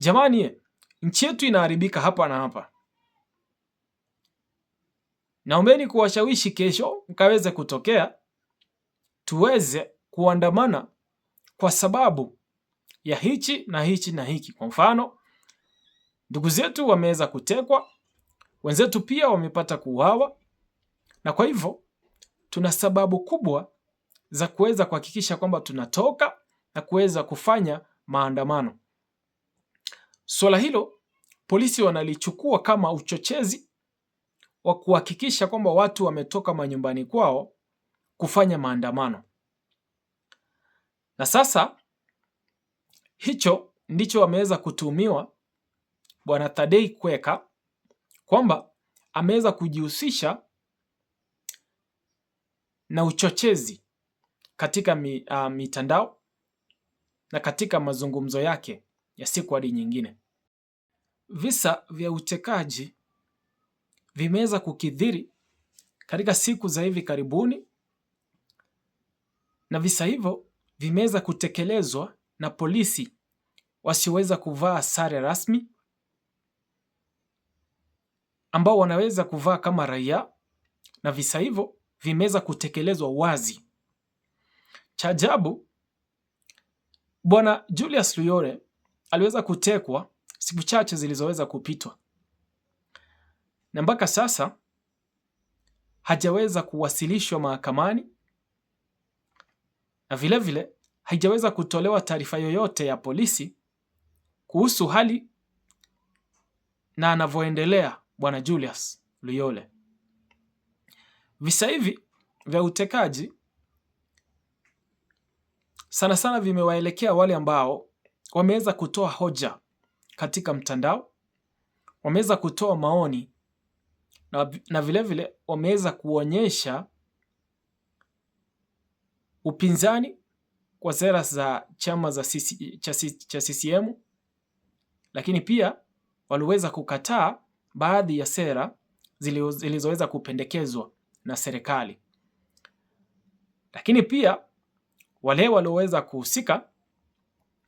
Jamani, nchi yetu inaharibika hapa na hapa. Naombeni kuwashawishi kesho mkaweze kutokea tuweze kuandamana kwa sababu ya hichi na hichi na hiki. Kwa mfano, ndugu zetu wameweza kutekwa, wenzetu pia wamepata kuuawa, na kwa hivyo tuna sababu kubwa za kuweza kuhakikisha kwamba tunatoka na kuweza kufanya maandamano. Suala hilo polisi wanalichukua kama uchochezi wa kuhakikisha kwamba watu wametoka manyumbani kwao kufanya maandamano, na sasa hicho ndicho ameweza kutumiwa Bwana Thadei Kweka kwamba ameweza kujihusisha na uchochezi katika ah, mitandao na katika mazungumzo yake ya siku hadi nyingine. Visa vya utekaji vimeweza kukithiri katika siku za hivi karibuni na visa hivyo vimeweza kutekelezwa na polisi wasioweza kuvaa sare rasmi ambao wanaweza kuvaa kama raia na visa hivyo vimeweza kutekelezwa wazi. Cha ajabu, Bwana Julius luyore aliweza kutekwa siku chache zilizoweza kupitwa, na mpaka sasa hajaweza kuwasilishwa mahakamani na vilevile haijaweza kutolewa taarifa yoyote ya polisi kuhusu hali na anavyoendelea Bwana Julius Luyole. Visa hivi vya utekaji sana sana vimewaelekea wale ambao wameweza kutoa hoja katika mtandao, wameweza kutoa maoni na, na vilevile wameweza kuonyesha upinzani kwa sera za chama za sisi, cha, cha CCM, lakini pia waliweza kukataa baadhi ya sera zilizoweza kupendekezwa na serikali, lakini pia wale walioweza kuhusika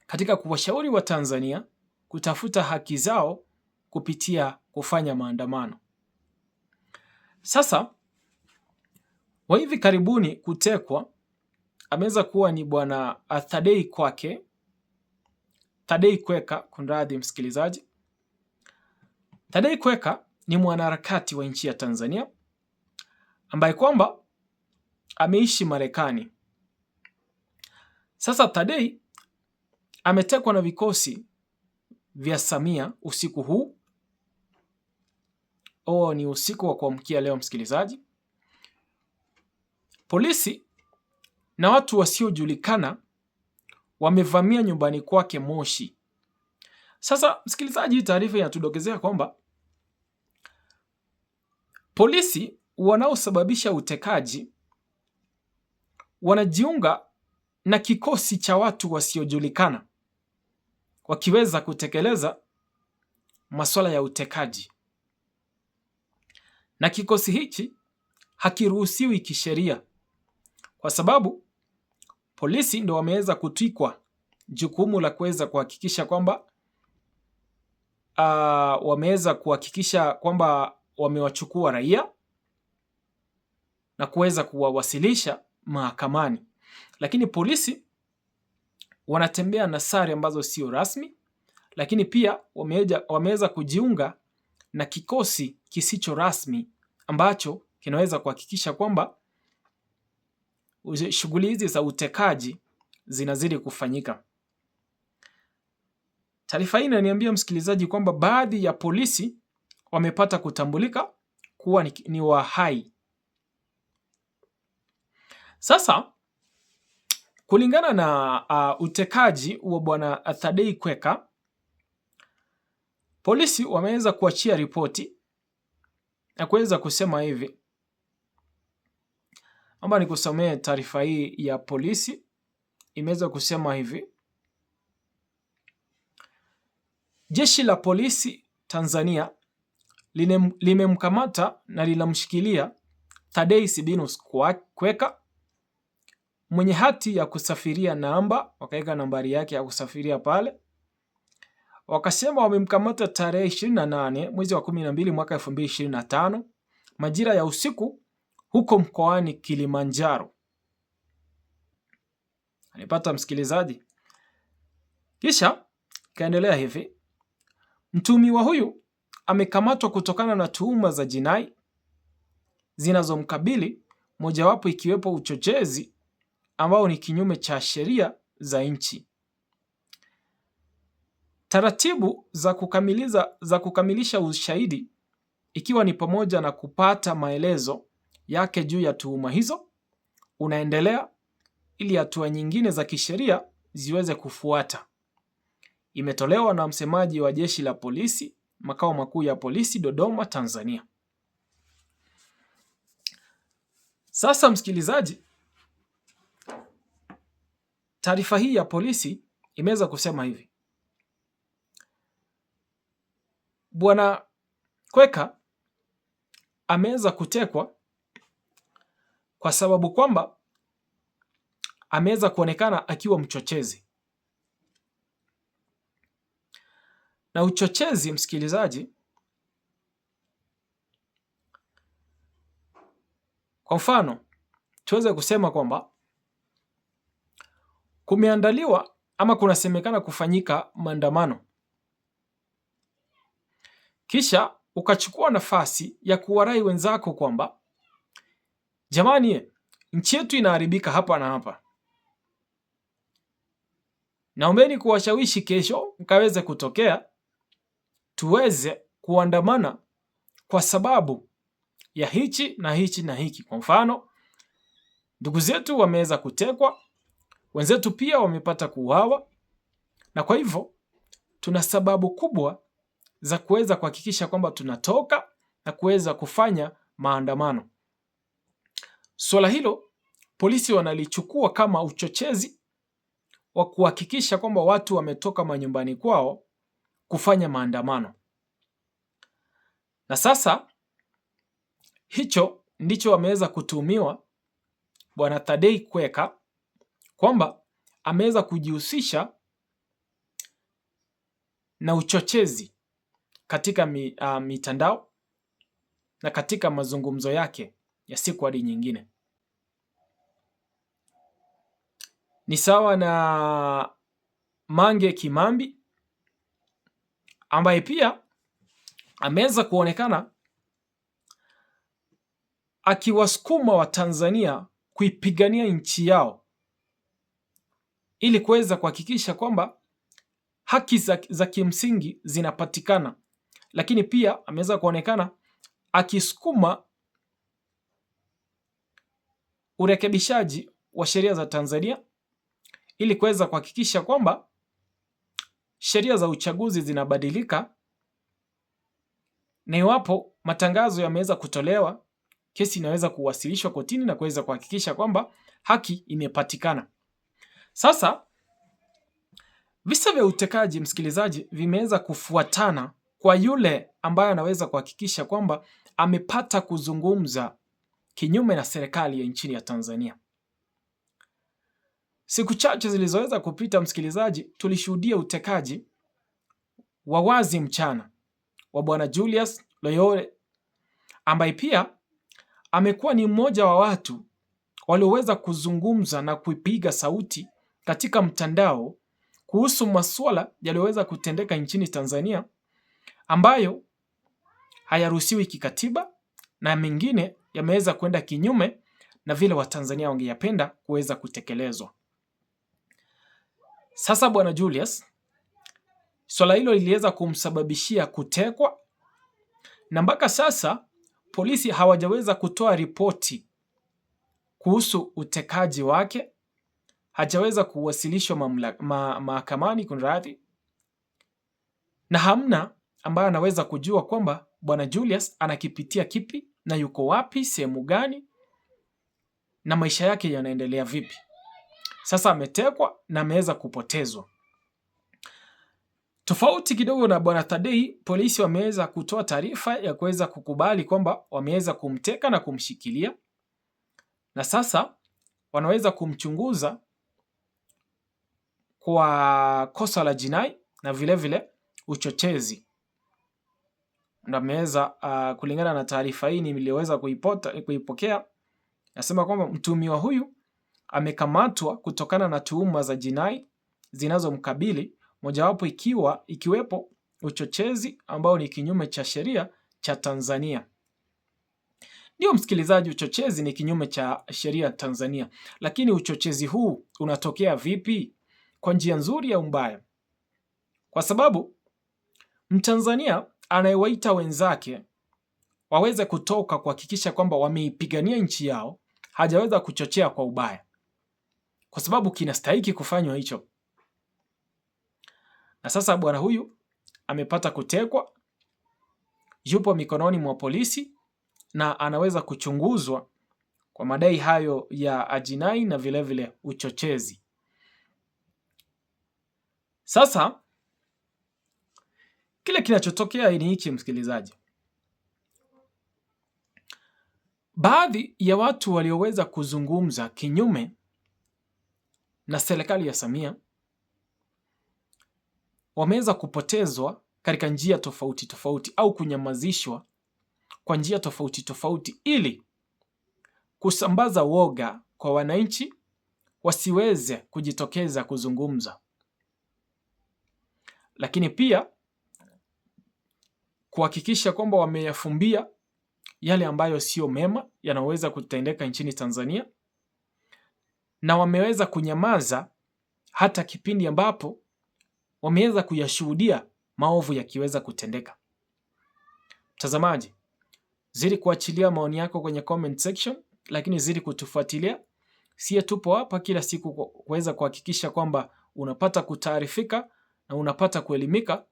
katika kuwashauri wa tanzania kutafuta haki zao kupitia kufanya maandamano. Sasa wa hivi karibuni kutekwa ameweza kuwa ni bwana Thadei kwake Thadei Kweka, kunradhi msikilizaji. Thadei Kweka ni mwanaharakati wa nchi ya Tanzania ambaye kwamba ameishi Marekani. Sasa Thadei ametekwa na vikosi vya Samia usiku huu. O, ni usiku wa kuamkia leo, msikilizaji. Polisi na watu wasiojulikana wamevamia nyumbani kwake Moshi. Sasa msikilizaji, hii taarifa inatudokezea kwamba polisi wanaosababisha utekaji wanajiunga na kikosi cha watu wasiojulikana wakiweza kutekeleza masuala ya utekaji, na kikosi hichi hakiruhusiwi kisheria kwa sababu polisi ndo wameweza kutwikwa jukumu la kuweza kuhakikisha kwamba uh, wameweza kuhakikisha kwamba wamewachukua raia na kuweza kuwawasilisha mahakamani, lakini polisi wanatembea na sare ambazo sio rasmi, lakini pia wameweza kujiunga na kikosi kisicho rasmi ambacho kinaweza kuhakikisha kwamba shughuli hizi za utekaji zinazidi kufanyika. Taarifa hii inaniambia msikilizaji kwamba baadhi ya polisi wamepata kutambulika kuwa ni, ni wa hai. Sasa Kulingana na uh, utekaji wa bwana Thadei Kweka, polisi wameweza kuachia ripoti na kuweza kusema hivi, naomba nikusomee taarifa hii ya polisi. Imeweza kusema hivi: jeshi la polisi Tanzania limemkamata na linamshikilia Thadei Sibinus Kweka mwenye hati ya kusafiria namba, wakaweka nambari yake ya kusafiria pale, wakasema wamemkamata tarehe ishirini na nane mwezi wa kumi na mbili mwaka elfu mbili ishirini na tano majira ya usiku huko mkoani Kilimanjaro. Alipata msikilizaji, kisha kaendelea hivi: mtuhumiwa huyu amekamatwa kutokana na tuhuma za jinai zinazomkabili mojawapo ikiwepo uchochezi ambao ni kinyume cha sheria za nchi. Taratibu za kukamiliza, za kukamilisha ushahidi ikiwa ni pamoja na kupata maelezo yake juu ya tuhuma hizo unaendelea ili hatua nyingine za kisheria ziweze kufuata. Imetolewa na msemaji wa Jeshi la Polisi, makao makuu ya polisi Dodoma, Tanzania. Sasa msikilizaji Taarifa hii ya polisi imeweza kusema hivi: Bwana Kweka ameweza kutekwa kwa sababu kwamba ameweza kuonekana akiwa mchochezi na uchochezi, msikilizaji, kwa mfano tuweze kusema kwamba kumeandaliwa ama kunasemekana kufanyika maandamano, kisha ukachukua nafasi ya kuwarai wenzako kwamba jamani, nchi yetu inaharibika hapa na hapa, naombeni kuwashawishi kesho mkaweze kutokea tuweze kuandamana kwa sababu ya hichi na hichi na hiki. Kwa mfano, ndugu zetu wameweza kutekwa, Wenzetu pia wamepata kuuawa, na kwa hivyo tuna sababu kubwa za kuweza kuhakikisha kwamba tunatoka na kuweza kufanya maandamano. Swala hilo polisi wanalichukua kama uchochezi wa kuhakikisha kwamba watu wametoka manyumbani kwao kufanya maandamano. Na sasa hicho ndicho wameweza kutumiwa Bwana Thadei Kweka kwamba ameweza kujihusisha na uchochezi katika mi, uh, mitandao na katika mazungumzo yake ya siku hadi nyingine. Ni sawa na Mange Kimambi ambaye pia ameweza kuonekana akiwasukuma Watanzania kuipigania nchi yao ili kuweza kuhakikisha kwamba haki za, za kimsingi zinapatikana, lakini pia ameweza kuonekana akisukuma urekebishaji wa sheria za Tanzania ili kuweza kuhakikisha kwamba sheria za uchaguzi zinabadilika na iwapo matangazo yameweza kutolewa, kesi inaweza kuwasilishwa kotini na kuweza kuhakikisha kwamba haki imepatikana. Sasa visa vya utekaji, msikilizaji, vimeweza kufuatana kwa yule ambaye anaweza kuhakikisha kwamba amepata kuzungumza kinyume na serikali ya nchini ya Tanzania. Siku chache zilizoweza kupita, msikilizaji, tulishuhudia utekaji wa wazi mchana wa bwana Julius Loyole ambaye pia amekuwa ni mmoja wa watu walioweza kuzungumza na kuipiga sauti katika mtandao kuhusu masuala yaliyoweza kutendeka nchini Tanzania ambayo hayaruhusiwi kikatiba na mengine yameweza kwenda kinyume na vile Watanzania wangeyapenda kuweza kutekelezwa. Sasa Bwana Julius, swala hilo liliweza kumsababishia kutekwa, na mpaka sasa polisi hawajaweza kutoa ripoti kuhusu utekaji wake hajaweza kuwasilishwa mahakamani ma, kunradhi, na hamna ambaye anaweza kujua kwamba bwana Julius anakipitia kipi na yuko wapi, sehemu gani, na maisha yake yanaendelea vipi. Sasa ametekwa na ameweza kupotezwa. Tofauti kidogo na bwana Thadei, polisi wameweza kutoa taarifa ya kuweza kukubali kwamba wameweza kumteka na kumshikilia, na sasa wanaweza kumchunguza kwa kosa la jinai na vile vile uchochezi. Ndio ameweza uh, kulingana na taarifa hii niliyoweza kuipota kuipokea, nasema kwamba mtuhumiwa huyu amekamatwa kutokana na tuhuma za jinai zinazomkabili mojawapo ikiwa ikiwepo uchochezi ambao ni kinyume cha sheria cha Tanzania. Ndio msikilizaji, uchochezi ni kinyume cha sheria Tanzania, lakini uchochezi huu unatokea vipi? kwa njia nzuri au mbaya, kwa sababu Mtanzania anayewaita wenzake waweze kutoka kuhakikisha kwamba wameipigania nchi yao hajaweza kuchochea kwa ubaya, kwa sababu kinastahiki kufanywa hicho. Na sasa bwana huyu amepata kutekwa, yupo mikononi mwa polisi na anaweza kuchunguzwa kwa madai hayo ya ajinai na vilevile vile uchochezi. Sasa kile kinachotokea ni hiki, msikilizaji, baadhi ya watu walioweza kuzungumza kinyume na serikali ya Samia wameweza kupotezwa katika njia tofauti tofauti au kunyamazishwa kwa njia tofauti tofauti ili kusambaza woga kwa wananchi wasiweze kujitokeza kuzungumza lakini pia kuhakikisha kwamba wameyafumbia yale ambayo sio mema yanaweza kutendeka nchini Tanzania na wameweza kunyamaza hata kipindi ambapo wameweza kuyashuhudia maovu yakiweza kutendeka. Mtazamaji, zidi kuachilia maoni yako kwenye comment section, lakini zidi kutufuatilia. Sie tupo hapa kila siku kuweza kuhakikisha kwamba unapata kutaarifika na unapata kuelimika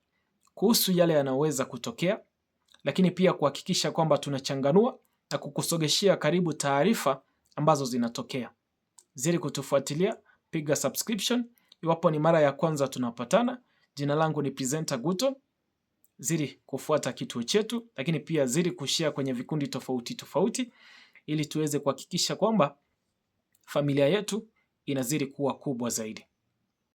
kuhusu yale yanayoweza kutokea, lakini pia kuhakikisha kwamba tunachanganua na kukusogeshea karibu taarifa ambazo zinatokea. Zidi kutufuatilia, piga subscription iwapo ni mara ya kwanza tunapatana. Jina langu ni Presenter Guto. Zidi kufuata kituo chetu, lakini pia zidi kushare kwenye vikundi tofauti tofauti, ili tuweze kuhakikisha kwamba familia yetu inazidi kuwa kubwa zaidi.